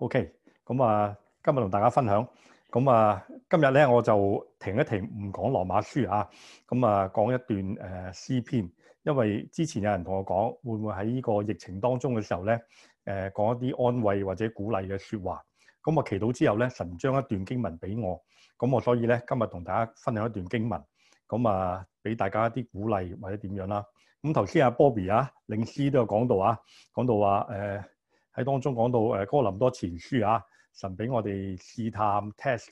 O.K. 咁啊，今日同大家分享。咁啊，今日咧我就停一停，唔講羅馬書啊。咁啊，講一段誒詩篇，因為之前有人同我講，會唔會喺呢個疫情當中嘅時候咧，誒講一啲安慰或者鼓勵嘅說話。咁啊，祈禱之後咧，神將一段經文俾我。咁我所以咧，今日同大家分享一段經文。咁啊，俾大家一啲鼓勵或者點樣啦。咁頭先阿 Bobby 啊，領詩都有講到啊，講到話誒。喺當中講到誒哥林多前書啊，神俾我哋試探 test，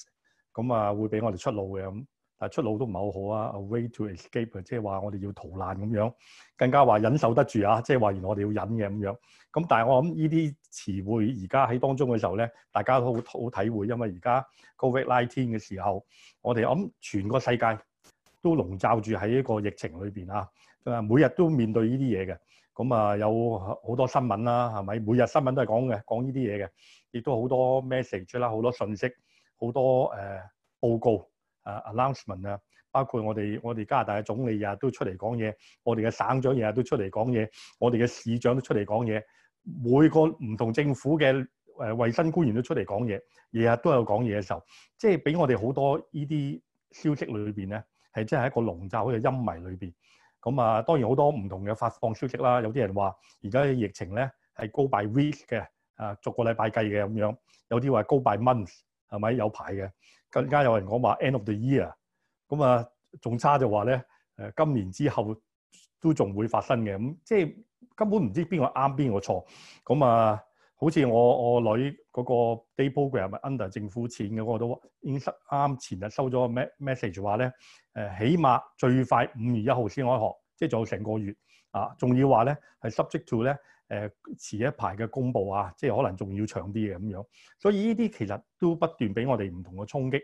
咁啊會俾我哋出路嘅，咁，但係出路都唔係好好啊，a way to escape，即係話我哋要逃難咁樣，更加話忍受得住啊，即係話原來我哋要忍嘅咁樣。咁但係我諗呢啲詞彙而家喺當中嘅時候咧，大家都好好體會，因為而家 COVID-19 嘅時候，我哋諗全個世界都籠罩住喺一個疫情裏邊啊，每日都面對呢啲嘢嘅。咁啊，有好多新聞啦，係咪？每日新聞都係講嘅，講呢啲嘢嘅，亦都好多 message 啦，好多訊息，好多誒報告啊，announcement 啊，包括我哋我哋加拿大嘅總理日日都出嚟講嘢，我哋嘅省長日日都出嚟講嘢，我哋嘅市長都出嚟講嘢，每個唔同政府嘅誒衞生官員都出嚟講嘢，日日都有講嘢嘅時候，即係俾我哋好多呢啲消息裏邊咧，係真係喺一個籠罩喺個陰霾裏邊。咁啊，當然好多唔同嘅發放消息啦，有啲人話而家嘅疫情咧係 go by week 嘅，啊，逐個禮拜計嘅咁樣，有啲話 go by month 係咪有排嘅？更加有人講話 end of the year，咁啊，仲差就話咧，誒，今年之後都仲會發生嘅，咁即係根本唔知邊個啱邊個錯，咁啊。好似我我女嗰個 day program under 政府錢嘅，個都啱前日收咗個 message 話咧，起碼最快五月一號先開學，即係仲有成個月啊，仲要話咧係 subject to 咧、呃、誒遲一排嘅公佈啊，即係可能仲要長啲嘅咁樣。所以呢啲其實都不斷俾我哋唔同嘅衝擊。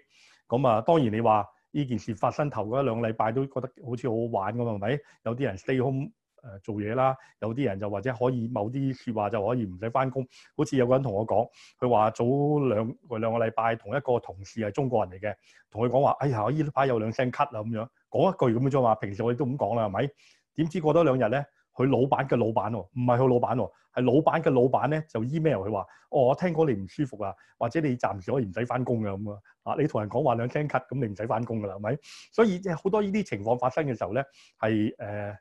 咁啊，當然你話呢件事發生頭嗰一兩禮拜都覺得好似好好玩㗎嘛，係咪？有啲人 stay home。誒做嘢啦，有啲人就或者可以某啲説話就可以唔使翻工。好似有個人同我講，佢話早兩兩個禮拜同一個同事係中國人嚟嘅，同佢講話，哎呀，我依排有兩聲咳啊，咁樣講一句咁樣啫嘛。平時我哋都咁講啦，係咪？點知過多兩日咧，佢老闆嘅老闆喎，唔係佢老闆喎，係老闆嘅老闆咧，就 email 佢話，哦，我聽講你唔舒服啊，或者你暫時可以唔使翻工嘅咁啊。啊，你同人講話兩聲咳，咁你唔使翻工噶啦，係咪？所以好多呢啲情況發生嘅時候咧，係誒。呃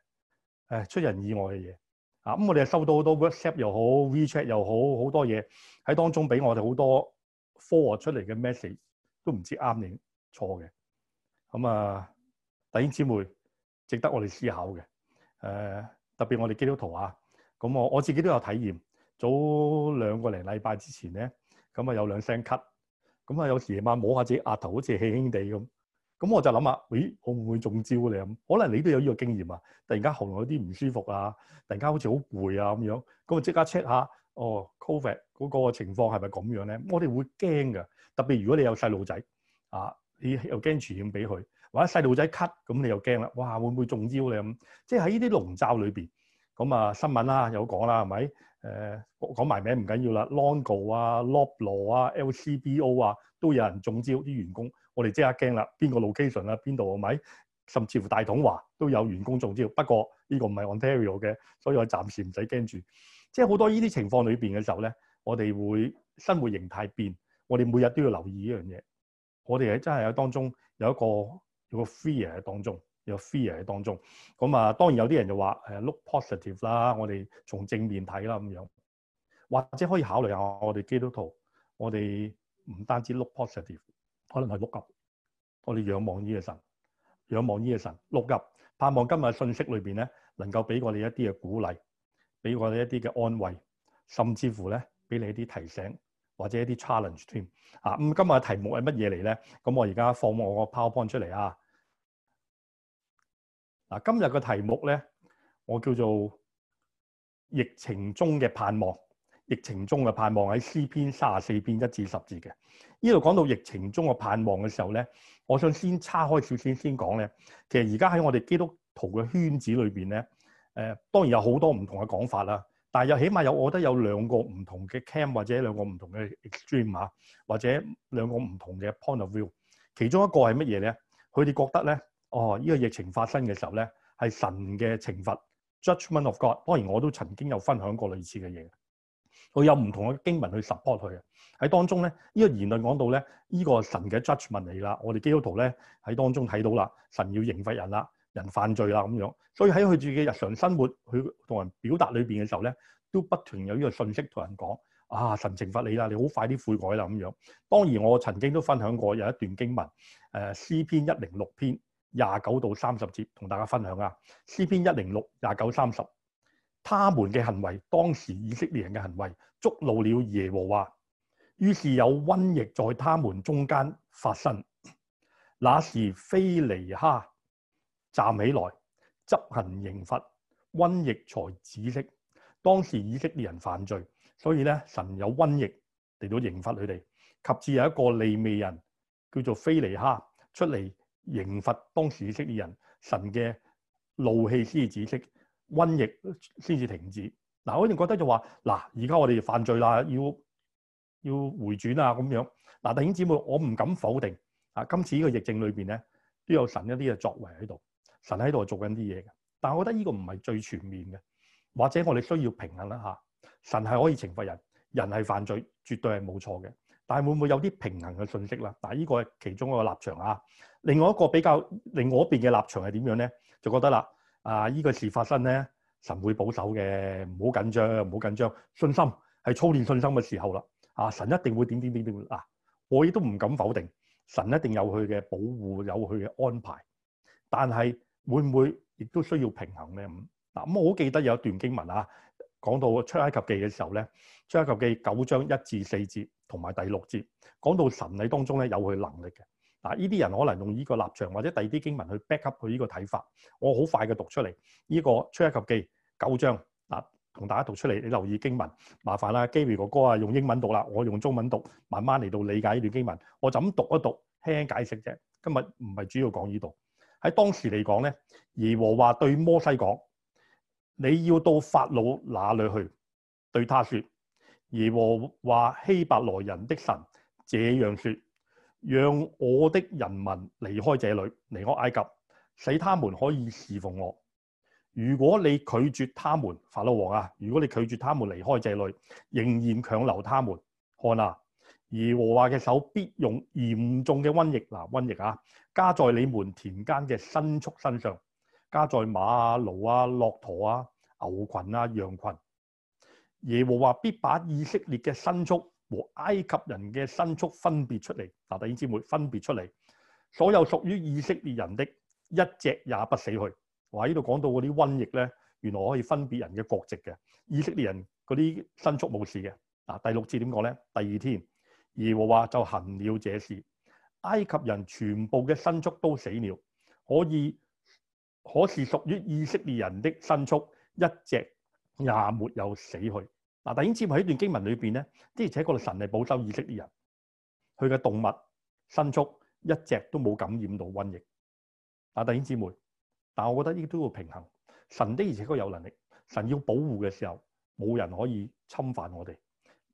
誒出人意外嘅嘢，啊咁、嗯、我哋又收到好多 WhatsApp 又好 WeChat 又好，好，好好多嘢喺當中俾我哋好多 forward 出嚟嘅 message，都唔知啱定錯嘅。咁、嗯、啊，弟兄姊妹值得我哋思考嘅。誒、啊、特別我哋基督徒啊，咁、嗯、我我自己都有體驗。早兩個零禮拜之前咧，咁、嗯、啊、嗯、有兩聲咳，咁、嗯、啊有時夜晚上摸下自己額頭，好似輕輕地咁。咁我就諗下，咦、哎，我會唔會中招咧？可能你都有呢個經驗啊！突然間喉嚨有啲唔舒服啊，突然間好似好攰啊咁樣，咁我即刻 check 下，哦，COVID 嗰個情況係咪咁樣咧？我哋會驚㗎，特別如果你有細路仔，啊，你又驚傳染俾佢，或者細路仔咳，咁你又驚啦！哇，會唔會中招你？咁即係喺呢啲籠罩裏面，咁啊新聞啦有是是、呃、啦，有講啦，係咪？誒講埋名唔緊要啦，Longo 啊、Loblaw 啊、LCBO 啊，都有人中招啲員工。我哋即刻驚啦，邊個 location 啊？邊度係咪？甚至乎大統華都有員工中招，不過呢個唔係 Ontario 嘅，所以我暫時唔使驚住。即係好多呢啲情況裏邊嘅時候咧，我哋會生活形態變，我哋每日都要留意呢樣嘢。我哋喺真係喺當中有一個有個 fear 喺當中，有 fear 喺當中。咁、嗯、啊，當然有啲人就話誒 look positive 啦，我哋從正面睇啦咁樣，或者可以考慮下我哋基督徒，我哋唔單止 look positive。可能係六級，我哋仰望呢個神，仰望呢個神，六級，盼望今日信息裏邊咧，能夠俾我哋一啲嘅鼓勵，俾我哋一啲嘅安慰，甚至乎咧，俾你一啲提醒或者一啲 challenge 添。啊、嗯，咁今日嘅題目係乜嘢嚟咧？咁我而家放我個 powerpoint 出嚟啊！嗱，今日嘅題目咧，我叫做疫情中嘅盼望。疫情中嘅盼望喺詩篇三十四篇一至十節嘅，呢度講到疫情中嘅盼望嘅時候咧，我想先岔開少少先講咧。其實而家喺我哋基督徒嘅圈子裏面咧，誒當然有好多唔同嘅講法啦。但又起碼有，我覺得有兩個唔同嘅 camp 或者兩個唔同嘅 extreme 啊，或者兩個唔同嘅 point of view。其中一個係乜嘢咧？佢哋覺得咧，哦，呢個疫情發生嘅時候咧，係神嘅懲罰 Judgment of God。當然我都曾經有分享過類似嘅嘢。佢有唔同嘅經文去 support 佢啊，喺當中咧呢、這個言論講到咧，呢、這個是神嘅 judgement 嚟啦，我哋基督徒咧喺當中睇到啦，神要刑罰人啦，人犯罪啦咁樣，所以喺佢自己的日常生活佢同人表達裏邊嘅時候咧，都不斷有呢個信息同人講啊，神懲罰你啦，你好快啲悔改啦咁樣。當然我曾經都分享過有一段經文，誒詩篇一零六篇廿九到三十節，同大家分享啊，詩篇一零六廿九三十。他們嘅行為，當時以色列人嘅行為，觸怒了耶和華，於是有瘟疫在他們中間發生。那時，非尼哈站起來執行刑罰，瘟疫才止息。當時以色列人犯罪，所以咧，神有瘟疫嚟到刑罰佢哋，及至有一個利未人叫做非尼哈出嚟刑罰當時以色列人，神嘅怒氣先止息。瘟疫先至停止，嗱、嗯、我一定覺得就話嗱，而家我哋犯罪啦，要要回轉啊咁樣，嗱弟兄姊妹，我唔敢否定啊，今次呢個疫症裏邊咧，都有神一啲嘅作為喺度，神喺度做緊啲嘢嘅，但係我覺得呢個唔係最全面嘅，或者我哋需要平衡啦嚇、啊，神係可以懲罰人，人係犯罪，絕對係冇錯嘅，但係會唔會有啲平衡嘅信息啦？但呢個係其中一個立場啊，另外一個比較另外一邊嘅立場係點樣咧？就覺得啦。啊！呢、這個事發生咧，神會保守嘅，唔好緊張，唔好緊張，信心係操練信心嘅時候啦。啊！神一定會點點點點啊！我亦都唔敢否定，神一定有佢嘅保護，有佢嘅安排。但係會唔會亦都需要平衡咧？咁、啊、嗱，咁我好記得有一段經文啊，講到出埃及記嘅時候咧，出埃及記九章一至四節同埋第六節，講到神喺當中咧有佢能力嘅。嗱，呢啲人可能用呢個立場或者第二啲經文去 back up 佢呢個睇法。我好快嘅讀出嚟，呢、呢個出埃及記九章嗱，同大家讀出嚟。你留意經文，麻煩啦，Gary 哥哥啊，用英文讀啦，我用中文讀，慢慢嚟到理解呢段經文。我就咁讀一讀，輕輕解釋啫。今日唔係主要講呢度。喺當時嚟講咧，耶和華對摩西講：你要到法老那裡去對他説，耶和華希伯來人的神這樣説。讓我的人民離開這裡，離開埃及，使他們可以侍奉我。如果你拒絕他們，法老王啊，如果你拒絕他們離開這裡，仍然強留他們，看啊，耶和華嘅手必用嚴重嘅瘟疫嗱、呃，瘟疫啊，加在你們田間嘅牲畜身上，加在馬啊、驢啊、駱駝啊、牛群啊、羊群，耶和華必把以色列嘅牲畜。和埃及人嘅牲畜分別出嚟，嗱，第二節末分別出嚟，所有屬於以色列人的，一隻也不死去。我喺度講到嗰啲瘟疫咧，原來可以分別人嘅國籍嘅，以色列人嗰啲牲畜冇事嘅。啊，第六節點講咧？第二天，耶和華就行了這事，埃及人全部嘅牲畜都死了，可以，可是屬於以色列人的牲畜，一隻也沒有死去。嗱，弟兄姊妹喺段經文裏邊咧，的而且確，神係保守以色列啲人，佢嘅動物牲畜一隻都冇感染到瘟疫。嗱，弟兄姊妹，但係我覺得呢都要平衡，神的而且確有能力，神要保護嘅時候，冇人可以侵犯我哋。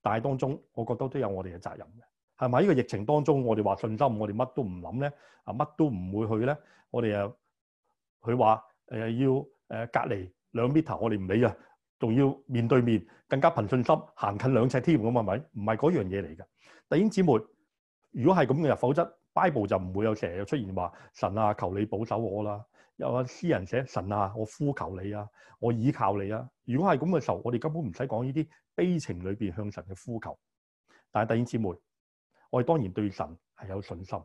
但係當中，我覺得都有我哋嘅責任嘅，係咪？呢個疫情當中，我哋話信心，我哋乜都唔諗咧，呢啊，乜都唔會去咧，呃、要 2m, 我哋又，佢話誒要誒隔離兩米頭，我哋唔理噶仲要面對面，更加憑信心行近兩尺添，咁係咪？唔係嗰樣嘢嚟嘅。弟兄姊妹，如果係咁嘅，否則 Bible 就唔會有成日出現話神啊，求你保守我啦。有話詩人寫神啊，我呼求你啊，我倚靠你啊。如果係咁嘅時候，我哋根本唔使講呢啲悲情裏邊向神嘅呼求。但係弟兄姊妹，我哋當然對神係有信心，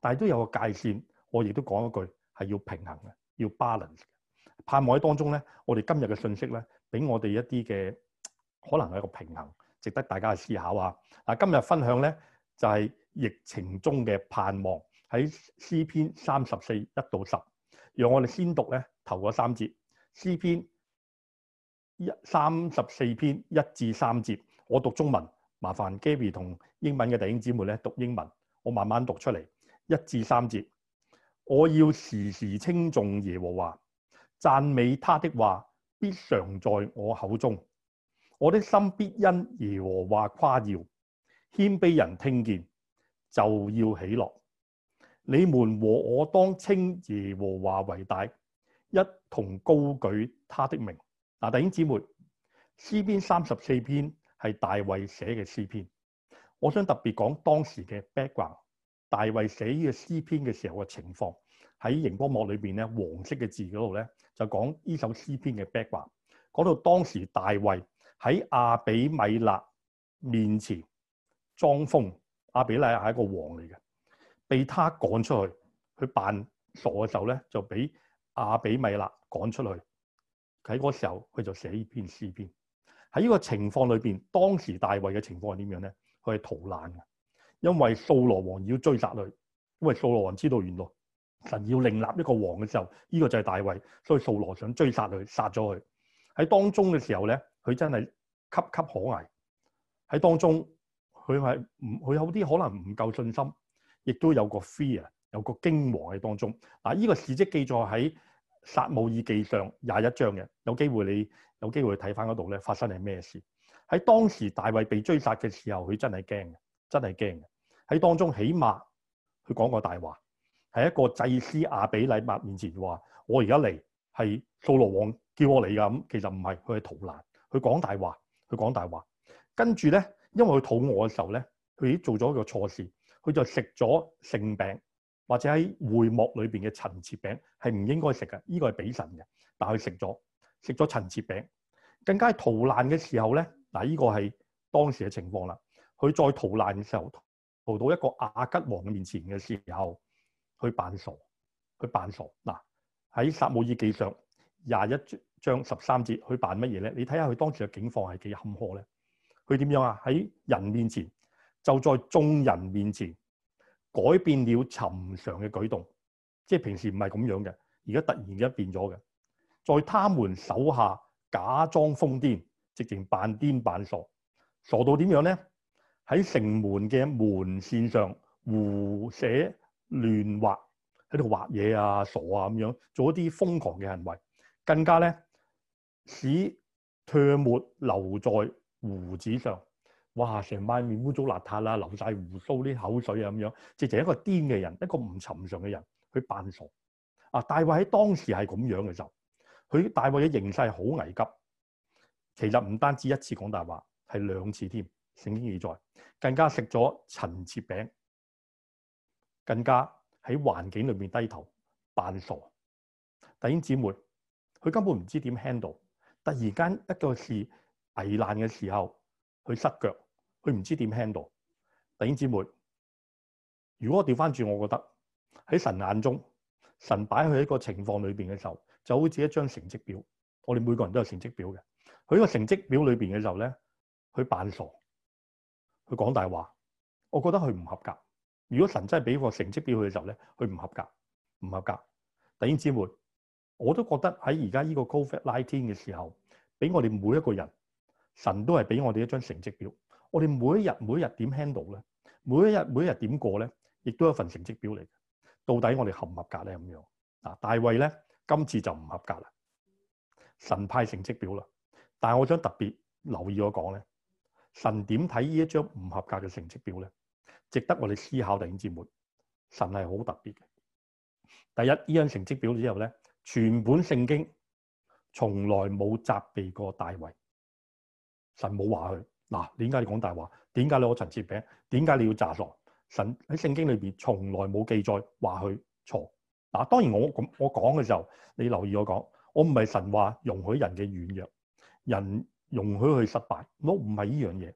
但係都有個界線。我亦都講一句係要平衡嘅，要 balance 嘅。盼望喺當中咧，我哋今日嘅信息咧。俾我哋一啲嘅可能係一個平衡，值得大家去思考啊！啊，今日分享咧就係疫情中嘅盼望，喺詩篇三十四一到十，讓我哋先讀咧頭嗰三節，詩篇一三十四篇一至三節，我讀中文，麻煩 Gaby 同英文嘅弟兄姊妹咧讀英文，我慢慢讀出嚟一至三節，我要時時稱頌耶和華，讚美祂的話。必常在我口中，我的心必因耶和華誇耀，謙卑人聽見就要喜樂。你們和我當稱耶和華為大，一同高舉他的名。啊，弟兄姊妹，詩篇三十四篇係大衛寫嘅詩篇。我想特別講當時嘅 background，大衛寫呢個詩篇嘅時候嘅情況，喺熒光幕裏邊咧黃色嘅字嗰度咧。就講呢首詩篇嘅 back 話，講到當時大衛喺阿比米勒面前裝瘋，阿比米勒係一個王嚟嘅，被他趕出去，佢扮傻嘅時候咧就俾阿比米勒趕出去。喺嗰時候佢就寫呢篇詩篇。喺呢個情況裏邊，當時大衛嘅情況係點樣咧？佢係逃難嘅，因為掃羅王要追殺佢，因為掃羅王知道原來。神要另立一個王嘅時候，呢個就係大衛，所以掃羅想追殺佢，殺咗佢。喺當中嘅時候咧，佢真係岌岌可危。喺當中，佢係唔佢有啲可能唔夠信心，亦都有個 fear，有個驚惶嘅當中。嗱，呢個事蹟記載喺撒母耳記上廿一章嘅，有機會你有機會睇翻嗰度咧，發生係咩事？喺當時大衛被追殺嘅時候，佢真係驚嘅，真係驚嘅。喺當中，起碼佢講過大話。喺一個祭司亞比禮物面前話：我而家嚟係掃羅王叫我嚟㗎。咁其實唔係，佢係逃難。佢講大話，佢講大話。跟住咧，因為佢肚餓嘅時候咧，佢已經做咗一個錯事，佢就食咗聖餅或者喺會幕裏邊嘅陳設餅，係唔應該食嘅。呢個係俾神嘅，但係佢食咗，食咗陳設餅。更加係逃難嘅時候咧，嗱呢個係當時嘅情況啦。佢再逃難嘅時候，逃到一個亞吉王面前嘅時候。去扮傻，去扮傻。嗱，喺撒母耳記上廿一章十三節，去扮乜嘢咧？你睇下佢當時嘅境況係幾坎坷咧？佢點樣啊？喺人面前，就在眾人面前改變了尋常嘅舉動，即係平時唔係咁樣嘅，而家突然間變咗嘅，在他們手下假裝瘋癲，直情扮癲扮傻，傻到點樣咧？喺城門嘅門扇上胡寫，亂畫喺度畫嘢啊，傻啊咁樣，做一啲瘋狂嘅行為，更加咧使唾沫留在鬍子上，哇！成塊面污糟邋遢啦，流晒鬍鬚啲口水啊咁樣，直情一個癲嘅人，一個唔尋常嘅人去扮傻啊！大衛喺當時係咁樣嘅時候，佢大衛嘅形勢好危急。其實唔單止一次講大話，係兩次添，聖經記載，更加食咗陳設餅。更加喺環境裏面低頭扮傻，弟兄姊妹，佢根本唔知點 handle。突然間一個事危難嘅時候，佢失腳，佢唔知點 handle。弟兄姊妹，如果我調翻轉，我覺得喺神眼中，神擺佢一個情況裏邊嘅時候，就好似一張成績表。我哋每個人都有成績表嘅。佢個成績表裏邊嘅時候咧，佢扮傻，佢講大話，我覺得佢唔合格。如果神真係俾個成績表佢嘅時候咧，佢唔合格，唔合格。弟兄姊妹，我都覺得喺而家呢個 COVID-19 嘅時候，俾我哋每一個人，神都係俾我哋一張成績表。我哋每一日每一日點 handle 咧？每一日每一日點過咧？亦都有一份成績表嚟。到底我哋合唔合格咧？咁樣嗱，大衛咧，今次就唔合格啦。神派成績表啦，但係我想特別留意我講咧，神點睇呢一張唔合格嘅成績表咧？值得我哋思考定二末？神係好特別嘅。第一，呢樣成績表之後咧，全本聖經從來冇責備過大衛，神冇話佢嗱，點解你講大話？點解你攞陳設餅？點解你要詐傻？神喺聖經裏邊從來冇記載話佢錯。嗱，當然我咁我講嘅時候，你留意我講，我唔係神話容許人嘅軟弱，人容許佢失敗，我唔係呢樣嘢。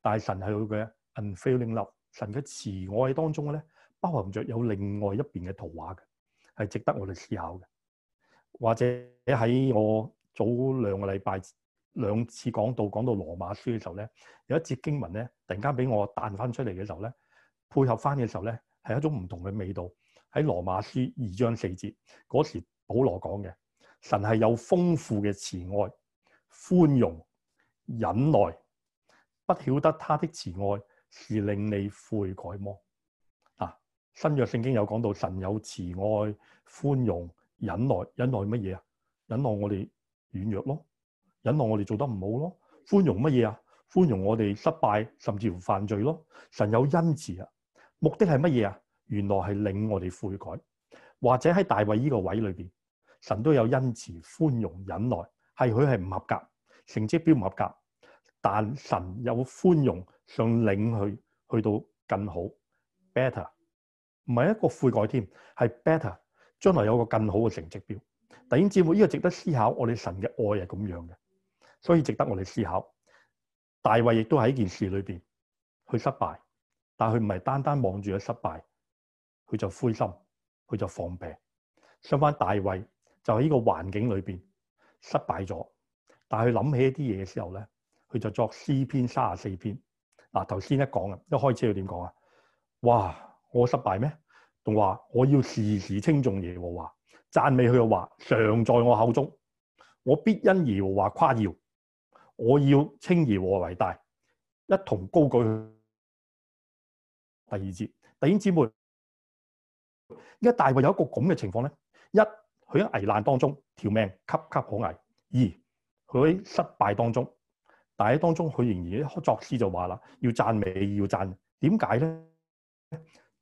但係神係佢嘅 unfailing love。神嘅慈愛當中咧，包含着有另外一邊嘅圖畫嘅，係值得我哋思考嘅。或者喺我早兩個禮拜兩次講到講到羅馬書嘅時候咧，有一節經文咧，突然間俾我彈翻出嚟嘅時候咧，配合翻嘅時候咧，係一種唔同嘅味道。喺羅馬書二章四節嗰時，保羅講嘅神係有豐富嘅慈愛、寬容、忍耐，不曉得他的慈愛。是令你悔改麼？啊，新約聖經有講到神有慈愛、寬容、忍耐，忍耐乜嘢啊？忍耐我哋軟弱咯，忍耐我哋做得唔好咯，寬容乜嘢啊？寬容我哋失敗，甚至乎犯罪咯。神有恩慈啊，目的係乜嘢啊？原來係領我哋悔改，或者喺大衛呢個位裏邊，神都有恩慈、寬容、忍耐，係佢係唔合格，成績表唔合格。但神有寬容，想領佢去到更好，better 唔係一個悔改添，係 better 將來有個更好嘅成績表。弟兄姊妹，呢個值得思考。我哋神嘅愛係咁樣嘅，所以值得我哋思考。大衛亦都喺件事裏邊，佢失敗，但佢唔係單單望住咗失敗，佢就灰心，佢就放病。相反，大衛就喺呢個環境裏邊失敗咗，但佢諗起一啲嘢嘅時候咧。佢就作詩篇三十四篇。嗱，頭先一講啦，一開始佢點講啊？哇！我失敗咩？仲話我要時時稱頌耶和華，讚美佢嘅話常在我口中，我必因耶和華誇耀，我要稱耶和華為大，一同高舉。第二節，弟兄姊妹，依家大衛有一個咁嘅情況咧：一，佢喺危難當中，條命岌岌可危；二，佢喺失敗當中。但喺當中，佢仍然作詩就話啦，要讚美，要讚，點解咧？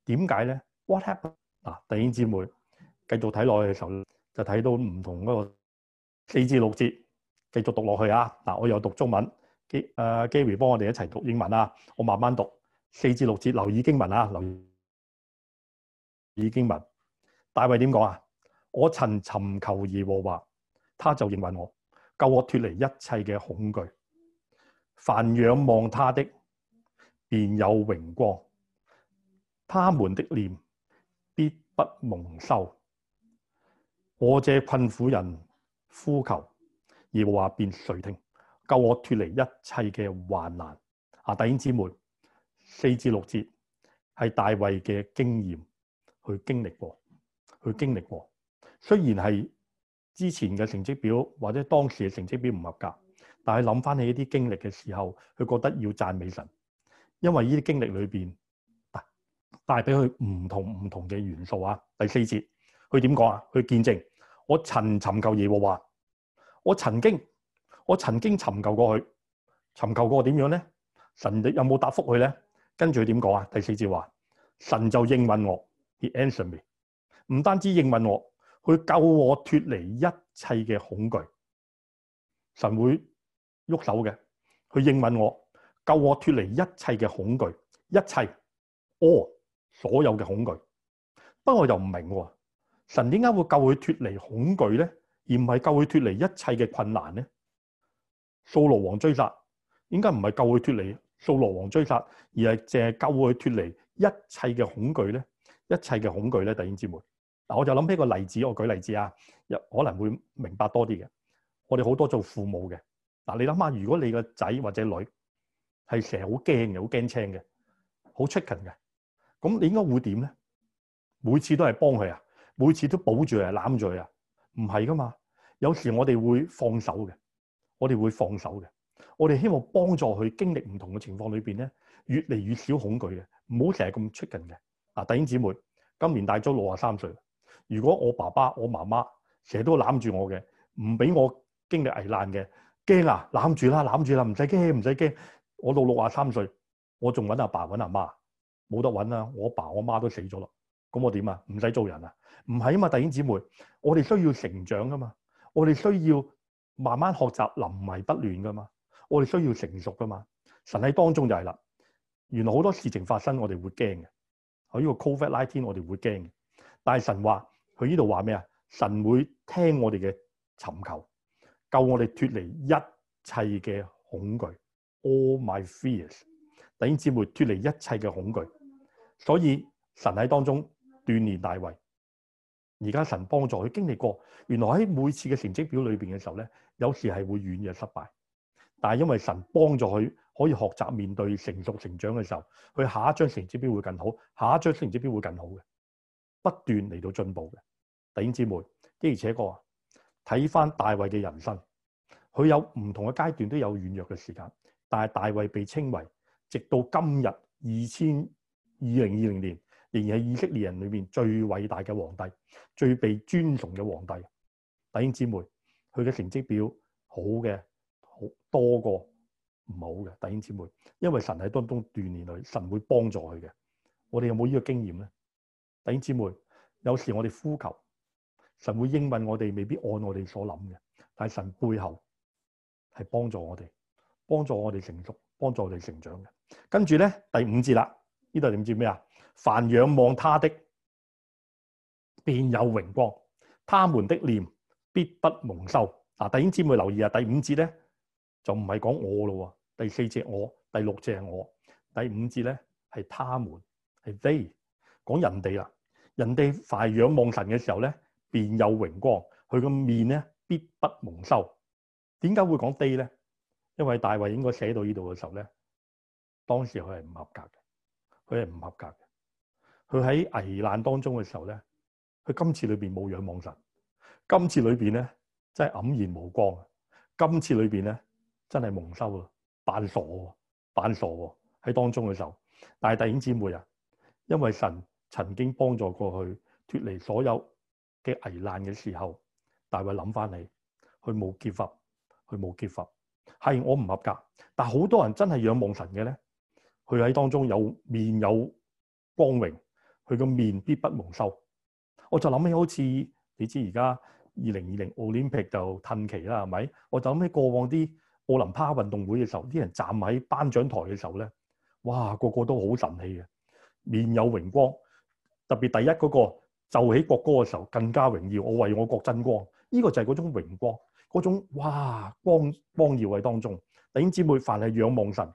點解咧？What happened 嗱？弟兄姊妹繼續睇落去嘅時候，就睇到唔同嗰個四至六節，繼續讀落去啊嗱。我又讀中文，基誒 Gary 幫我哋一齊讀英文啊。我慢慢讀四至六節，留意經文啊，留意經文。大衛點講啊？我曾尋求耶和華，他就應允我，救我脱離一切嘅恐懼。凡仰望他的，便有榮光；他們的臉必不蒙羞。我這困苦人呼求，耶和華便垂聽，救我脱離一切的患難。啊，弟兄姊妹，四至六節係大衛嘅經驗，去經歷過，去經歷過。雖然係之前嘅成績表或者當時嘅成績表唔合格。但係諗翻起啲經歷嘅時候，佢覺得要讚美神，因為呢啲經歷裏面帶帶俾佢唔同唔同嘅元素啊。第四節佢點講啊？佢見證我曾尋求耶和華，我曾經我曾經尋求過佢，尋求過點樣咧？神有冇答覆佢咧？跟住佢點講啊？第四節話神就應允我 h a n s w e r me。唔單止應允我，佢救我脫離一切嘅恐懼，神會。喐手嘅，佢應允我救我脫離一切嘅恐懼，一切哦，or, 所有嘅恐懼。就不過我又唔明白，神點解會救佢脫離恐懼咧，而唔係救佢脫離一切嘅困難咧？掃羅王追殺，點解唔係救佢脫離掃羅王追殺，而係淨係救佢脫離一切嘅恐懼咧？一切嘅恐懼咧，弟兄姊妹。嗱，我就諗起一個例子，我舉例子啊，有可能會明白多啲嘅。我哋好多做父母嘅。你諗下，如果你個仔或者女係成日好驚嘅，好驚青嘅，好 chicken 嘅，咁你應該會點咧？每次都係幫佢啊，每次都保住啊，攬住佢啊，唔係噶嘛。有時我哋會放手嘅，我哋會放手嘅，我哋希望幫助佢經歷唔同嘅情況裏邊咧，越嚟越少恐懼嘅，唔好成日咁 chicken 嘅。啊，弟兄姊妹，今年大咗六十三歲，如果我爸爸，我媽媽成日都攬住我嘅，唔俾我經歷危難嘅。驚啊！攬住啦，攬住啦，唔使驚，唔使驚。我到六廿三歲，我仲搵阿爸搵阿媽，冇得搵啦、啊。我阿爸，爸我阿媽都死咗啦。咁我點啊？唔使做人啊？唔係啊嘛，弟兄姊妹，我哋需要成長噶嘛，我哋需要慢慢學習臨危不亂噶嘛，我哋需要成熟噶嘛。神喺當中就係啦。原來好多事情發生，我哋會驚嘅。喺、這、呢個 Covert i g h t e n 我哋會驚嘅。但係神話佢呢度話咩啊？神會聽我哋嘅尋求。救我哋脫離一切嘅恐懼，All my fears。弟兄姊妹，脫離一切嘅恐懼。所以神喺當中鍛煉大衛。而家神幫助佢經歷過，原來喺每次嘅成績表裏邊嘅時候咧，有時係會軟弱失敗。但係因為神幫助佢，可以學習面對成熟成長嘅時候，佢下一張成績表會更好，下一張成績表會更好嘅，不斷嚟到進步嘅。弟兄姊妹，而且個。睇翻大衛嘅人生，佢有唔同嘅階段都有軟弱嘅時間，但係大衛被稱為直到今日二千二零二零年仍然係以色列人裏面最偉大嘅皇帝、最被尊崇嘅皇帝。弟兄姊妹，佢嘅成績表好嘅好多過唔好嘅。弟兄姊妹，因為神喺當中鍛煉佢，神會幫助佢嘅。我哋有冇呢個經驗咧？弟兄姊妹，有時我哋呼求。神會應允我哋，未必按我哋所諗嘅，但係神背後係幫助我哋，幫助我哋成熟，幫助我哋成長嘅。跟住咧，第五節啦，呢度點知咩啊？凡仰望他的，便有榮光，他們的臉必不蒙羞。嗱，弟兄姊妹留意啊，第五節咧就唔係講我咯喎，第四隻我，第六節係我，第五節咧係他們，係 they，講人哋啦，人哋凡仰望神嘅時候咧。便有榮光，佢個面咧必不蒙羞。點解會講低咧？因為大衛應該寫到呢度嘅時候咧，當時佢係唔合格嘅，佢係唔合格嘅。佢喺危難當中嘅時候咧，佢今次裏邊冇仰望神，今次裏邊咧真係黯然無光，今次裏邊咧真係蒙羞啊，扮傻，扮傻喺當中嘅時候。但係弟兄姊妹啊，因為神曾經幫助過佢脫離所有。嘅危難嘅時候，大衛諗翻起，佢冇結罰，佢冇結罰，係我唔合格。但係好多人真係仰望神嘅咧，佢喺當中有面有光榮，佢個面必不蒙羞。我就諗起好似你知而家二零二零奧林匹克就褪期啦，係咪？我就諗起過往啲奧林匹克運動會嘅時候，啲人站喺頒獎台嘅時候咧，哇，個個都好神氣嘅，面有榮光，特別第一嗰個。就喺國歌嘅時候更加榮耀，我為我國爭光。呢個就係嗰種榮光，嗰種哇光光耀喺當中。弟兄姊，姊妹，凡係仰望神，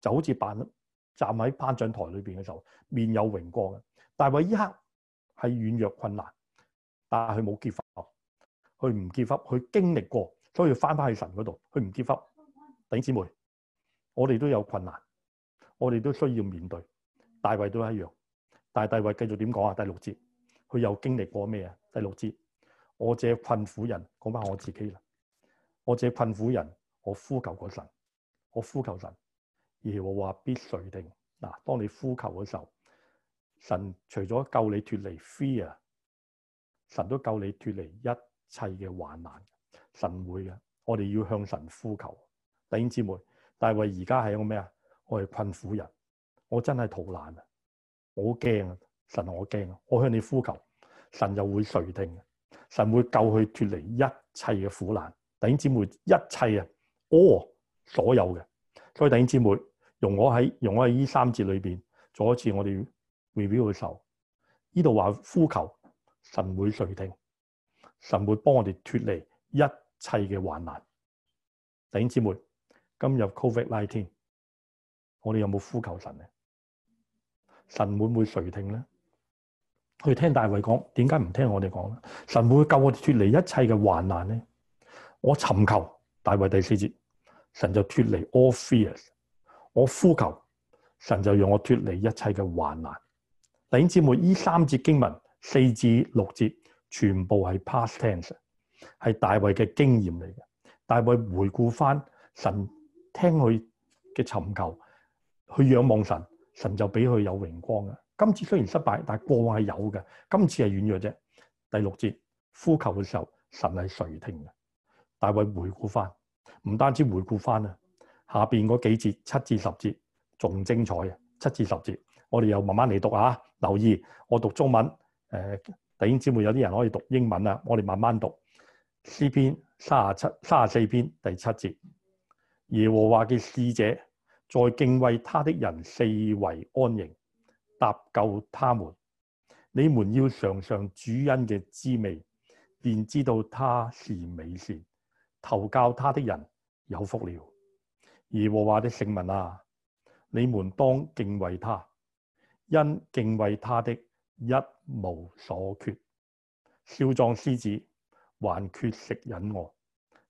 就好似扮站喺頒獎台裏邊嘅時候，面有榮光嘅。大衛依刻係軟弱困難，但係佢冇結忽，佢唔結忽，佢經歷過，所以翻返去神嗰度，佢唔結忽。弟兄姊妹，我哋都有困難，我哋都需要面對。大衛都一樣，但係大衛繼續點講啊？第六節。佢又經歷過咩啊？第六節，我這困苦人講翻我自己啦。我這困苦人，我呼求嗰神，我呼求神，耶和華必垂定嗱。當你呼求嘅時候，神除咗救你脫離 fear，神都救你脫離一切嘅患難。神會嘅，我哋要向神呼求。弟兄姊妹，大衛而家係一個咩啊？我係困苦人，我真係逃難啊！我驚啊！神我驚啊！我向你呼求，神就會垂聽，神會救佢脫離一切嘅苦難。弟兄姊妹，一切啊哦，all，所有嘅，所以弟兄姊妹，容我喺容我喺呢三節裏邊做一次我哋 review 嘅時候，呢度話呼求，神會垂聽，神會幫我哋脫離一切嘅患難。弟兄姊妹，今日 Covid nineteen，我哋有冇呼求神咧？神會唔會垂聽咧？去聽大衛講，點解唔聽我哋講咧？神會救我哋脫離一切嘅患難咧？我尋求大衛第四節，神就脫離 all fears；我呼求，神就讓我脫離一切嘅患難。弟兄姊妹，依三節經文四至六節，全部係 past tense，係大衛嘅經驗嚟嘅。大衛回顧翻神聽佢嘅尋求，去仰望神，神就俾佢有榮光。今次雖然失敗，但係過往有嘅。今次係軟弱啫。第六節呼求嘅時候，神係垂聽嘅。大衛回顧翻，唔單止回顧翻啊，下邊嗰幾節七至十節仲精彩啊。七至十節，我哋又慢慢嚟讀啊，留意我讀中文誒。弟兄姊妹，有啲人可以讀英文啦，我哋慢慢讀詩篇三十七三十四篇第七節，耶和華嘅使者在敬畏他的人四圍安營。搭救他們，你們要嘗嘗主恩嘅滋味，便知道他是美善。投教他的人有福了。耶和華的聖民啊，你們當敬畏他，因敬畏他的一無所缺。少壯獅子還缺食忍餓，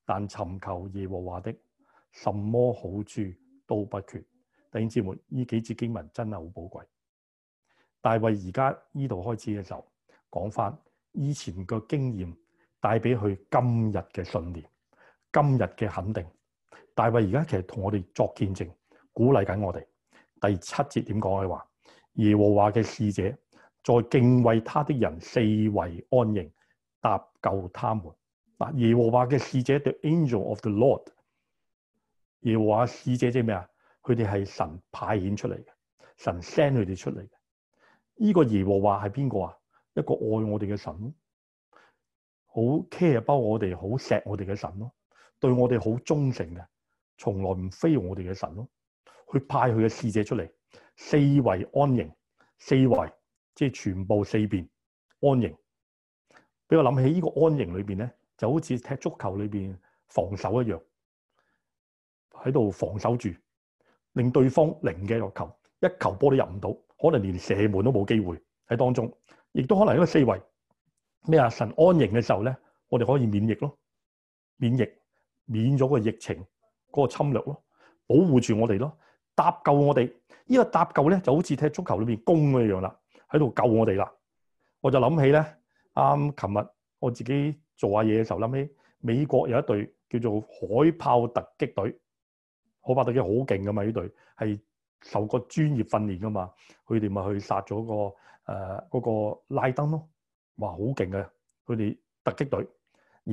但尋求耶和華的，什麼好處都不缺。弟兄姊妹，呢幾節經文真係好寶貴。大衛而家呢度開始嘅時候講翻以前個經驗帶俾佢今日嘅信念，今日嘅肯定。大衛而家其實同我哋作見證，鼓勵緊我哋。第七節點講嘅話，耶和華嘅使者在敬畏他的人四圍安營，搭救他們。嗱，耶和華嘅使者，the angel of the Lord。耶和華使者即係咩啊？佢哋係神派遣出嚟嘅，神 send 佢哋出嚟嘅。呢個耶和華係邊個啊？一個愛我哋嘅神，好 care about 我哋，好錫我哋嘅神咯，對我哋好忠誠嘅，從來唔飛用我哋嘅神咯，去派佢嘅使者出嚟，四圍安營，四圍即係全部四邊安營，俾我諗起呢個安營裏邊咧，就好似踢足球裏邊防守一樣，喺度防守住，令對方零嘅入球。一球波都入唔到，可能連射門都冇機會喺當中，亦都可能一個四圍咩啊神安營嘅時候咧，我哋可以免疫咯，免疫免咗個疫情嗰個侵略咯，保護住我哋咯，搭救我哋。呢個搭救咧就好似踢足球裏邊攻一樣啦，喺度救我哋啦。我就諗起咧，啱琴日我自己做下嘢嘅時候，諗起美國有一隊叫做海豹突擊隊，海豹突擊好勁噶嘛，呢隊係。受過專業訓練噶嘛？佢哋咪去殺咗、個誒、呃嗰個拉登咯，哇，好勁嘅！佢哋突擊隊，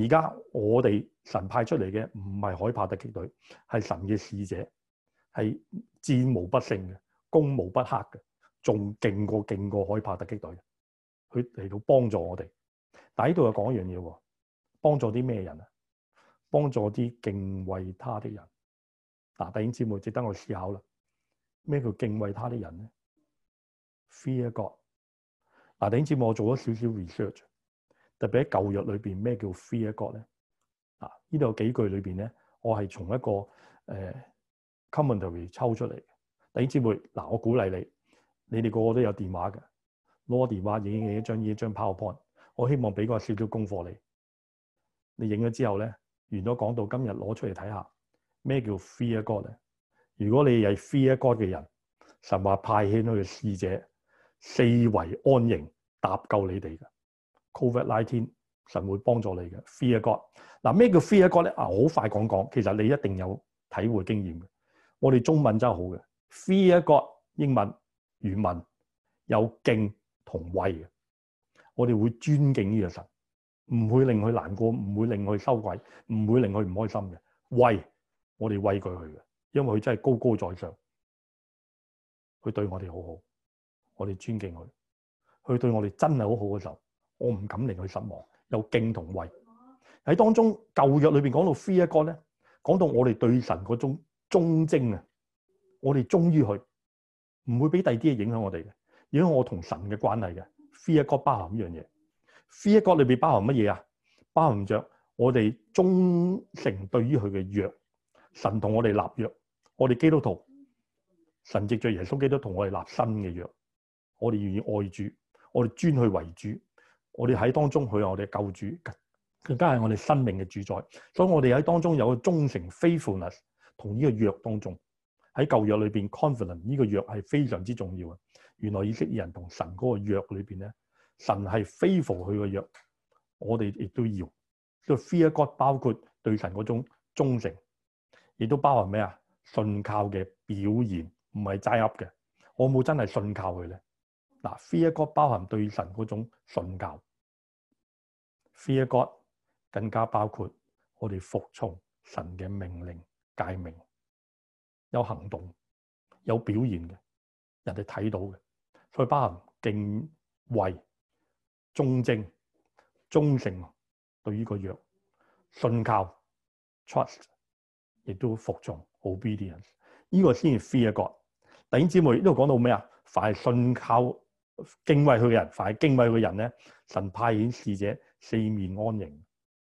而家我哋神派出嚟嘅唔係海豹突擊隊，係神嘅使者，係戰無不勝嘅，攻無不克嘅，仲勁過勁過過海豹突擊隊。佢嚟到幫助我哋，但係呢度又講一樣嘢，幫助啲咩人啊？幫助啲敬畏他的人。嗱、啊，弟兄姊妹，值得我思考啦。咩叫敬畏他的人咧？Fear God 嗱，弟兄姊妹，我做咗少少 research，特別喺舊約裏邊，咩叫 Fear God 咧？啊，依度幾句裏邊咧，我係從一個誒 commentary 抽出嚟。弟兄姊妹，嗱、啊呃啊，我鼓勵你，你哋個個都有電話嘅，攞電話影影一張依一張 PowerPoint。我希望俾個少少功課你，你影咗之後咧，完咗講，到今日攞出嚟睇下，咩叫 Fear God 咧？如果你係 Fear God 嘅人，神話派遣佢嘅使者四圍安營，搭救你哋嘅。COVID-19 神會幫助你嘅。Fear God 嗱，咩叫 Fear God 咧？啊，好快講講。其實你一定有體會經驗嘅。我哋中文真係好嘅。Fear God 英文語文有敬同畏嘅。我哋會尊敬呢個神，唔會令佢難過，唔會令佢羞愧，唔會令佢唔開心嘅。畏，我哋畏懼佢嘅。因為佢真係高高在上，佢對我哋好好，我哋尊敬佢。佢對我哋真係好好嘅時候，我唔敢令佢失望，又敬同畏喺、啊、當中。舊約裏邊講到 f r e e 一個咧，講到我哋對神嗰種忠貞啊，我哋忠於佢，唔會俾第二啲嘢影響我哋嘅影響我同神嘅關係嘅 f r e e 一個包含呢樣嘢。f r e e 一個裏邊包含乜嘢啊？包含着我哋忠誠對於佢嘅約，神同我哋立約。我哋基督徒，神藉着耶穌基督同我哋立新嘅約，我哋願意愛主，我哋專去為主，我哋喺當中佢係我哋救主，更加係我哋生命嘅主宰。所以我哋喺當中有個忠誠、faithfulness 同呢個約當中，喺舊約裏邊 conform 呢個約係非常之重要啊！原來以色列人同神嗰個約裏邊咧，神係非附佢個約，我哋亦都要。所以 fear God 包括對神嗰種忠誠，亦都包含咩啊？信靠嘅表現唔係齋噏嘅，我冇真係信靠佢咧。嗱，fear God 包含對神嗰種信教。fear God 更加包括我哋服從神嘅命令、誡命，有行動、有表現嘅，人哋睇到嘅，所以包含敬畏、忠正、忠誠對呢個約，信靠 trust 亦都服從。Obedience，、這、呢個先係 fear God。弟兄姊妹，呢度講到咩啊？凡係信靠敬畏佢嘅人，凡係敬畏佢嘅人咧。神派遣使者四面安營。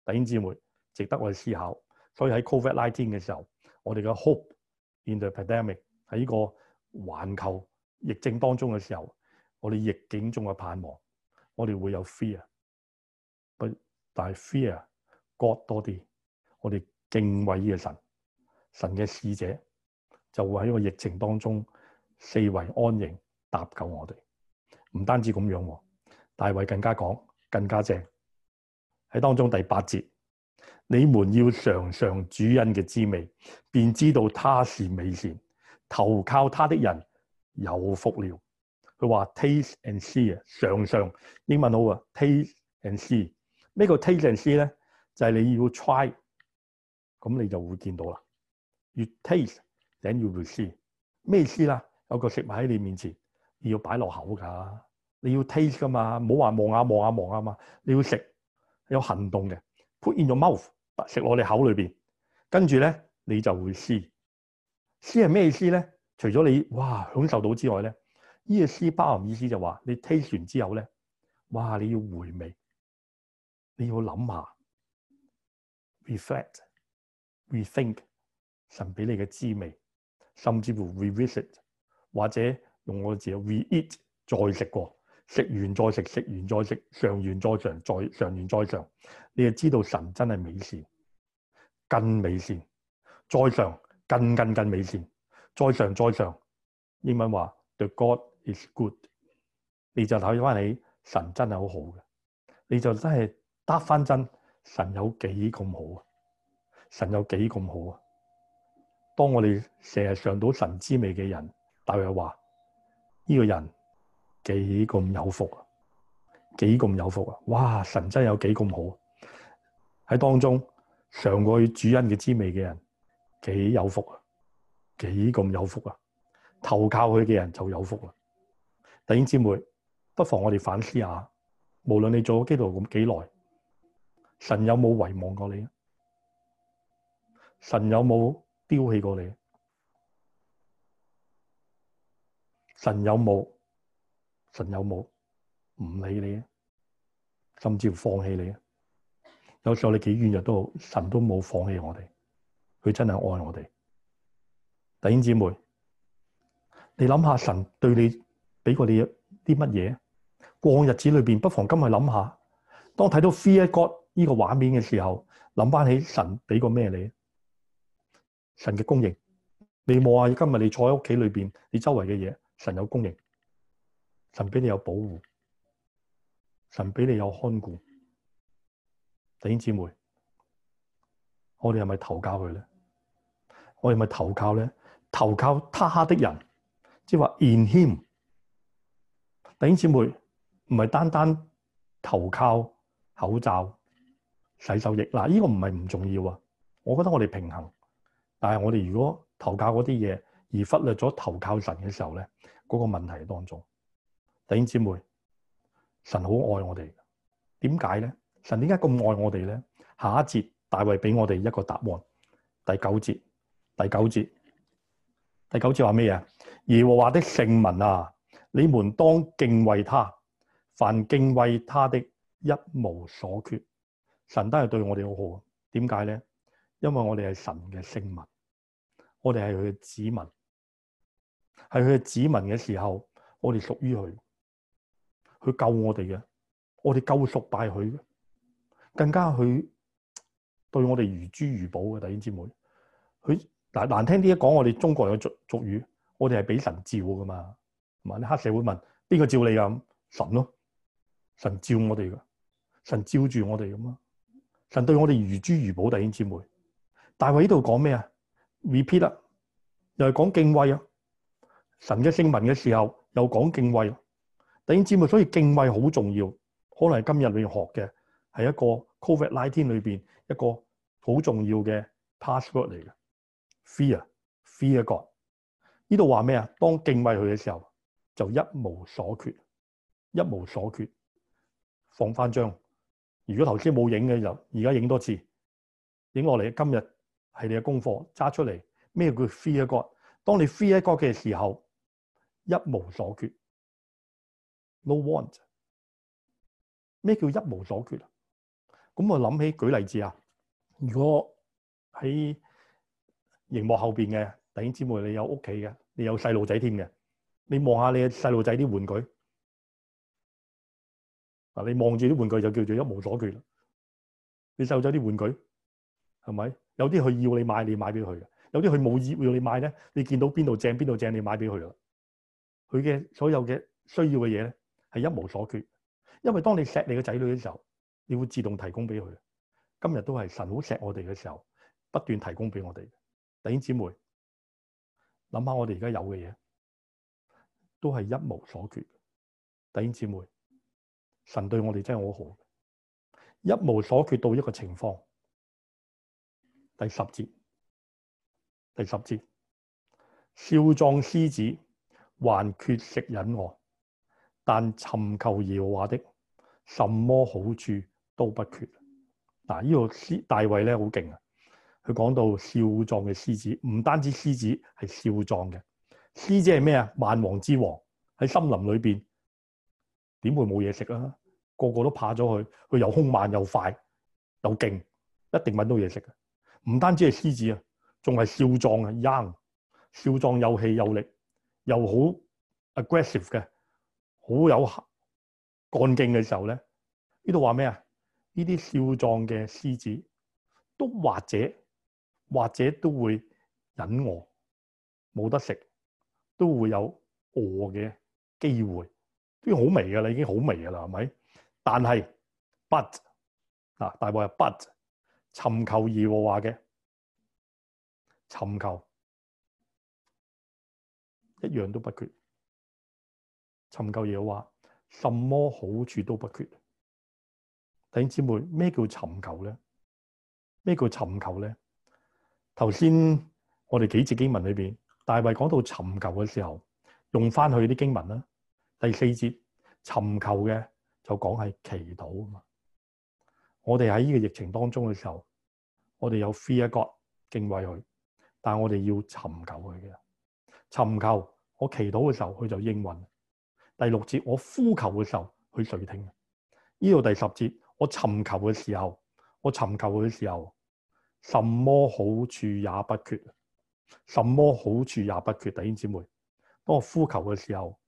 弟兄姊妹，值得我哋思考。所以喺 Covid nineteen 嘅時候，我哋嘅 hope 面對 pandemic 喺呢個環球疫症當中嘅時候，我哋逆境中嘅盼望，我哋會有 fear，不，但係 fear God 多啲。我哋敬畏呢個神。神嘅使者就會喺個疫情當中四圍安營搭救我哋，唔單止咁樣，大衛更加講更加正喺當中第八節，你們要嘗嘗主恩嘅滋味，便知道他是美善，投靠他的人有福了。佢話 taste and see 啊，嘗嘗英文好啊，taste and see 呢個 taste and see 咧就係、是、你要 try，咁你就會見到啦。You taste，then you will see。咩意思啦？有個食物喺你面前，你要擺落口噶，你要 taste 噶嘛，唔好話望下望下望下嘛。你要食有行動嘅 put in your mouth，食落你口裏邊，跟住咧你就會 see。See 係咩意思咧？除咗你哇享受到之外咧，呢個 see 包含意思就話你 taste 完之後咧，哇你要回味，你要諗下 reflect，rethink。Reflect, rethink, 神俾你嘅滋味，甚至乎 revisit 或者用我嘅字 re-eat 再食過，食完再食，食完再食，嘗完再嘗，再嘗完再嘗，你就知道神真係美善，更美善，再嘗，更更更美善，再嘗再嘗，再嘗，英文話 The God is good，你就睇翻起神真係好好嘅，你就真係得翻真神有幾咁好啊？神有幾咁好啊？神有當我哋成日嘗到神滋味的人，大衛話這個人幾咁有福啊！幾咁有福啊！哇！神真的有幾咁好啊！喺當中嘗過去主恩的滋味的人，幾有福啊！幾咁有福啊！投靠佢嘅人就有福啦！弟兄姊妹，不妨我哋反思下：無論你做基督咁幾耐，神有冇遺忘過你啊？神有冇丟棄過你？神有冇？神有冇唔理你？甚至乎放棄你？有時候你幾軟弱都好，神都冇放棄我哋，佢真係愛我哋。弟兄姊妹，你諗下神對你畀過你啲乜嘢？過日子裏邊，不妨今日諗下，當睇到 Fear God 呢個畫面嘅時候，諗翻起神俾過咩你？神嘅供應，你望下今日你坐喺屋企裏面，你周圍嘅嘢，神有供應，神俾你有保護，神俾你有看顧。弟兄姊妹，我哋係咪投靠佢咧？我哋係咪投靠咧？投靠他的人，即係話 in him。弟兄姊妹，唔係單單投靠口罩、洗手液嗱，呢個唔係唔重要啊！我覺得我哋平衡。但係我哋如果投靠嗰啲嘢而忽略咗投靠神嘅時候呢，嗰、那個問題當中，弟兄姊妹，神好愛我哋，點解呢？神點解咁愛我哋呢？下一節大衛俾我哋一個答案，第九節，第九節，第九節話咩嘢？耶和華的聖民啊，你們當敬畏他，凡敬畏他的，一無所缺。神都係對我哋好好，點解呢？因為我哋係神嘅聖民。我哋係佢嘅子民，係佢嘅子民嘅時候，我哋屬於佢，佢救我哋嘅，我哋救贖拜佢嘅，更加佢對我哋如珠如寶嘅弟兄姐妹。難聽啲講，我哋中國有俗俗語，我哋係俾神照㗎嘛，黑社會問邊個照你啊？神咯、啊，神照我哋嘅，神照住我哋咁啊，神對我哋如珠如寶弟兄姐妹。大衛呢度講咩啊？repeat 啦，又係講敬畏啊！神嘅聖文嘅時候又講敬畏，等知唔知？所以敬畏好重要，可能係今日裏邊學嘅，係一個 COVID-19 裏邊一個好重要嘅 password 嚟嘅。fear，fear 一個呢度話咩啊？當敬畏佢嘅時候，就一無所缺，一無所缺，放翻張。如果頭先冇影嘅，就而家影多次，影落嚟今日。係你嘅功課，揸出嚟。咩叫 fear God？當你 fear God 嘅時候，一無所缺。No want。咩叫一無所缺？咁我諗起舉例子啊。如果喺熒幕後邊嘅弟兄姊妹，你有屋企嘅，你有細路仔添嘅，你望下你嘅細路仔啲玩具。嗱，你望住啲玩具就叫做一無所缺啦。你細路仔啲玩具，係咪？有啲佢要你買，你買俾佢嘅。有啲佢冇意要你買咧，你見到邊度正邊度正，你買俾佢啦。佢嘅所有嘅需要嘅嘢咧，係一無所缺。因為當你錫你嘅仔女嘅時候，你會自動提供俾佢。今日都係神好錫我哋嘅時候，不斷提供俾我哋。弟兄姊妹諗下，想想我哋而家有嘅嘢都係一無所缺。弟兄姊妹，神對我哋真係好，好，一無所缺到一個情況。第十節，第十節，少壯獅子還缺食忍餓，但尋求耶和華的，什麼好處都不缺。嗱，呢個斯大衛咧好勁啊！佢講到少壯嘅獅子，唔單止獅子係少壯嘅，獅子係咩啊？萬王之王喺森林裏邊，點會冇嘢食啊？個個都怕咗佢，佢又凶猛又快又勁，一定搵到嘢食嘅。唔單止係獅子啊，仲係少壯啊，young，少壯有氣有力，又好 aggressive 嘅，好有幹勁嘅時候咧，呢度話咩啊？呢啲少壯嘅獅子都或者或者都會忍餓，冇得食，都會有餓嘅機會。都好微㗎啦，已經好微㗎啦，係咪？但係 but 嗱，大伯係 but。尋求耶和華嘅尋求，一樣都不缺。尋求耶和華，什麼好處都不缺。弟兄姊妹，咩叫尋求呢？咩叫尋求呢？頭先我哋幾節經文裏面大衛講到尋求嘅時候，用翻佢啲經文啦。第四節，尋求嘅就講係祈禱啊嘛。我哋喺呢個疫情當中嘅時候，我哋有 fear God，敬畏佢，但係我哋要尋求佢嘅，尋求我祈禱嘅時候佢就應允。第六節我呼求嘅時候佢垂聽，呢度第十節我尋求嘅時候，我尋求嘅時候，什麼好處也不缺，什麼好處也不缺。弟兄姊妹，當我呼求嘅時候，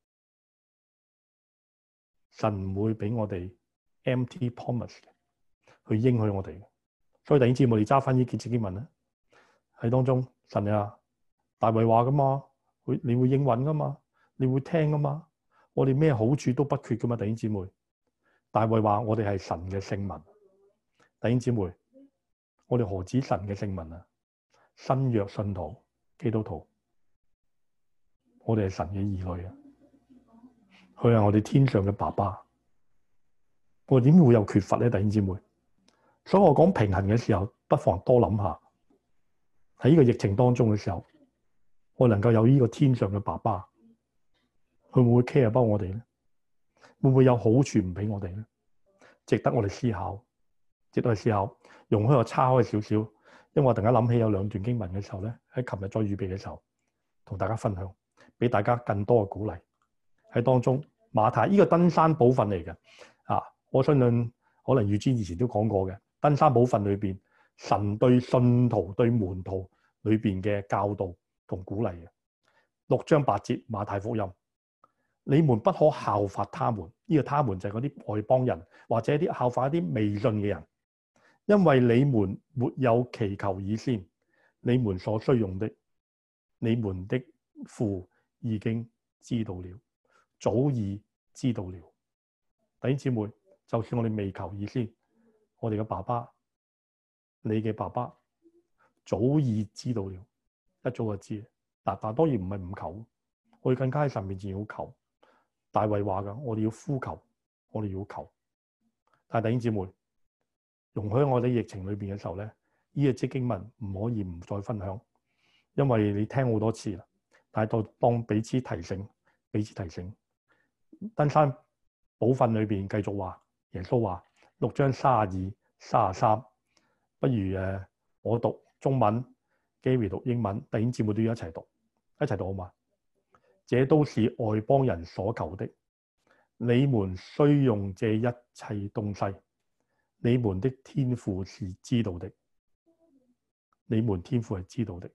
神唔會俾我哋 empty promise。去應許我哋，所以弟兄姊妹，我哋揸翻呢件聖經文呢喺當中神啊，大衛話㗎嘛，你會應允㗎嘛，你會聽㗎嘛，我哋咩好處都不缺㗎嘛，弟兄姊妹，大衛話我哋係神嘅聖民，弟兄姊妹，我哋何止神嘅聖民啊，新約信徒、基督徒，我哋係神嘅兒女啊，佢係我哋天上嘅爸爸，我點會有缺乏呢？弟兄姊妹？所以我講平衡嘅時候，不妨多諗下喺呢個疫情當中嘅時候，我能夠有呢個天上嘅爸爸，佢會唔會 care about 我哋咧？會唔會有好處唔俾我哋咧？值得我哋思考，值得我哋思考。容許我叉開少少，因為我突然間諗起有兩段經文嘅時候在喺琴日再預備嘅時候，同大家分享，俾大家更多嘅鼓勵喺當中。馬太呢、這個登山寶訓嚟嘅，啊、我相信可能預知以前都講過嘅。登山寶訓裏邊，神對信徒對門徒裏邊嘅教導同鼓勵嘅，六章八節馬太福音，你們不可效法他們，呢個他們就係嗰啲外邦人或者啲效法一啲未信嘅人，因為你們沒有祈求以先，你們所需用的，你們的父已經知道了，早已知道了。弟兄姊妹，就算我哋未求以先，我哋嘅爸爸，你嘅爸爸早已知道了，一早就知。但但當然唔係唔求，我哋更加喺神面前要求。大衛話㗎，我哋要呼求，我哋要求。但弟兄姊妹，容許我喺疫情裏面嘅時候咧，呢一節經文唔可以唔再分享，因為你聽好多次啦。但是當彼此提醒，彼此提醒。登山寶訓裏面繼續話，耶穌話。六章三十二、三十三，不如誒我讀中文，Gary 讀英文，弟兄姊妹都要一齊讀，一齊讀好嗎？這都是外邦人所求的，你們需用這一切東西，你們的天父是知道的，你們天父係知道的，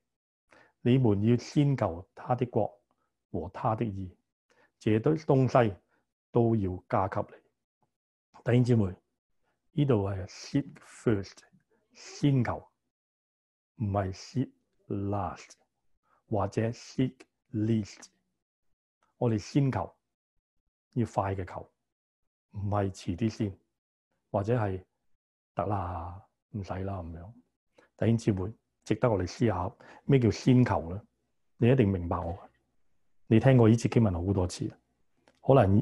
你們要先求他的國和他的義，這堆東西都要加給你，弟兄姊妹。呢度係 seek first，先求，唔係 seek last 或者 seek least。我哋先求，要快嘅求，唔係遲啲先，或者係得啦，唔使啦咁樣。弟兄姊妹，值得我哋思考咩叫先求呢？你一定明白我。你聽過呢次經文好多次啦，可能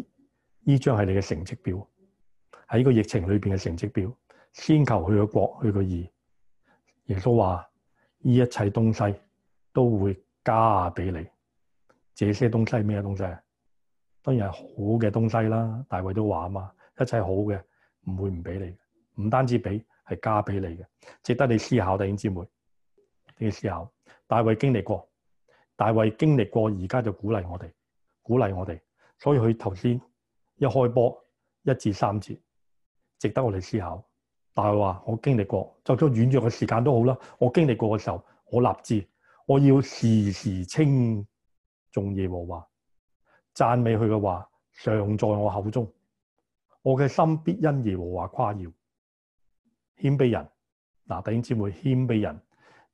呢張係你嘅成績表。喺呢個疫情裏面嘅成績表，先求佢個國，佢個義。耶穌話呢一切東西都會加畀你。這些東西係咩東西？當然係好嘅東西啦。大衛都話啊嘛，一切好嘅唔會唔畀你嘅，唔單止畀係加畀你嘅，值得你思考，弟兄姊妹。你要思考。大衛經歷過，大衛經歷過，而家就鼓勵我哋鼓勵我哋，所以佢頭先一開波，一至三次值得我哋思考，但係話我經歷過，就算軟弱嘅時間都好啦。我經歷過嘅時候，我立志我要時時稱頌耶和華，讚美佢嘅話常在我口中，我嘅心必因耶和華誇耀。謙卑人嗱，弟兄姊妹，謙卑人。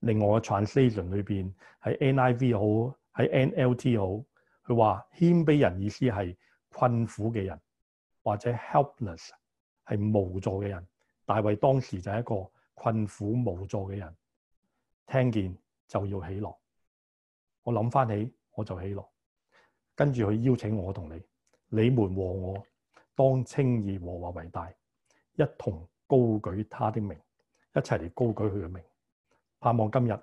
另外嘅 translation 裏邊，喺 NIV 好，喺 NLT 好，佢話謙卑人意思係困苦嘅人或者 helpless。係無助嘅人，大衛當時就係一個困苦無助嘅人，聽見就要喜樂。我諗翻起，我就喜樂，跟住佢邀請我同你，你們和我當稱耶和華為大，一同高舉他的名，一齊嚟高舉佢嘅名。盼望今日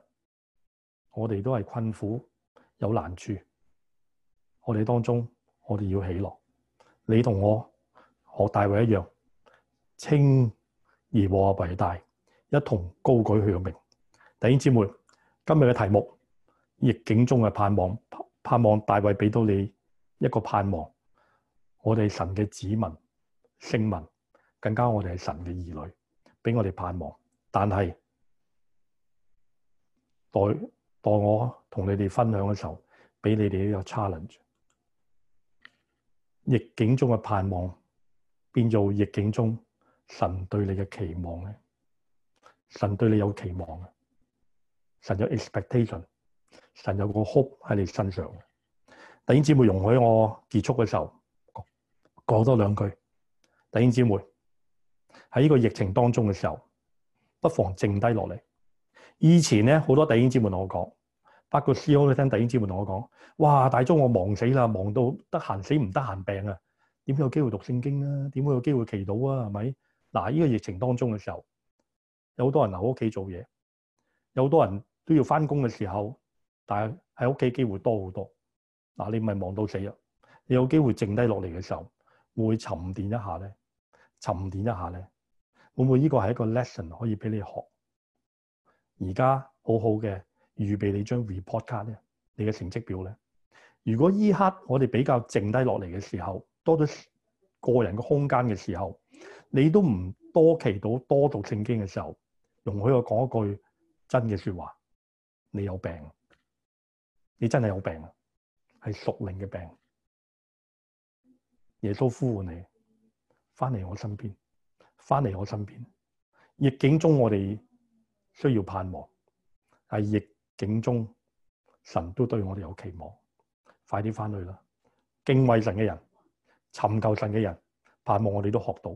我哋都係困苦有難處，我哋當中我哋要喜樂。你同我學大衛一樣。清而和為大，一同高舉佢嘅名。弟兄姊妹，今日嘅題目，逆境中嘅盼望，盼望大衛畀到你一個盼望。我哋神嘅子民、聖民，更加我哋係神嘅兒女，畀我哋盼望。但係待待我同你哋分享嘅時候，畀你哋一個 challenge。逆境中嘅盼望變做逆境中，神對你嘅期望，神對你有期望，神有 expectation，神有個 hope 喺你身上嘅。弟兄姊妹容許我結束嘅時候講多兩句。弟兄姊妹喺呢個疫情當中嘅時候，不妨靜低落嚟。以前咧好多弟兄姊妹同我講，包括 co 都聽弟兄姊妹同我講，哇！大鐘我忙死啦，忙到得閒死唔得閒病啊，點有機會讀聖經啊？點會有機會祈禱啊？係咪？嗱，呢個疫情當中嘅時候，有好多人留喺屋企做嘢，有好多人都要翻工嘅時候，但係喺屋企機會多好多。嗱，你咪忙到死呀？你有機會靜低落嚟嘅時候，會沉澱一下咧，沉澱一下咧，會唔會呢個係一個 lesson 可以俾你學？而家好好嘅預備你張 report card 咧，你嘅成績表咧。如果呢刻我哋比較靜低落嚟嘅時候，多咗個人嘅空間嘅時候，你都唔多祈禱、多讀聖經嘅時候，容許我講一句真嘅說話：你有病，你真係有病，係屬靈嘅病。耶穌呼喚你，返嚟我身邊，返嚟我身邊。逆境中，我哋需要盼望，喺逆境中，神都對我哋有期望。快啲返去啦！敬畏神嘅人、尋求神嘅人，盼望我哋都學到。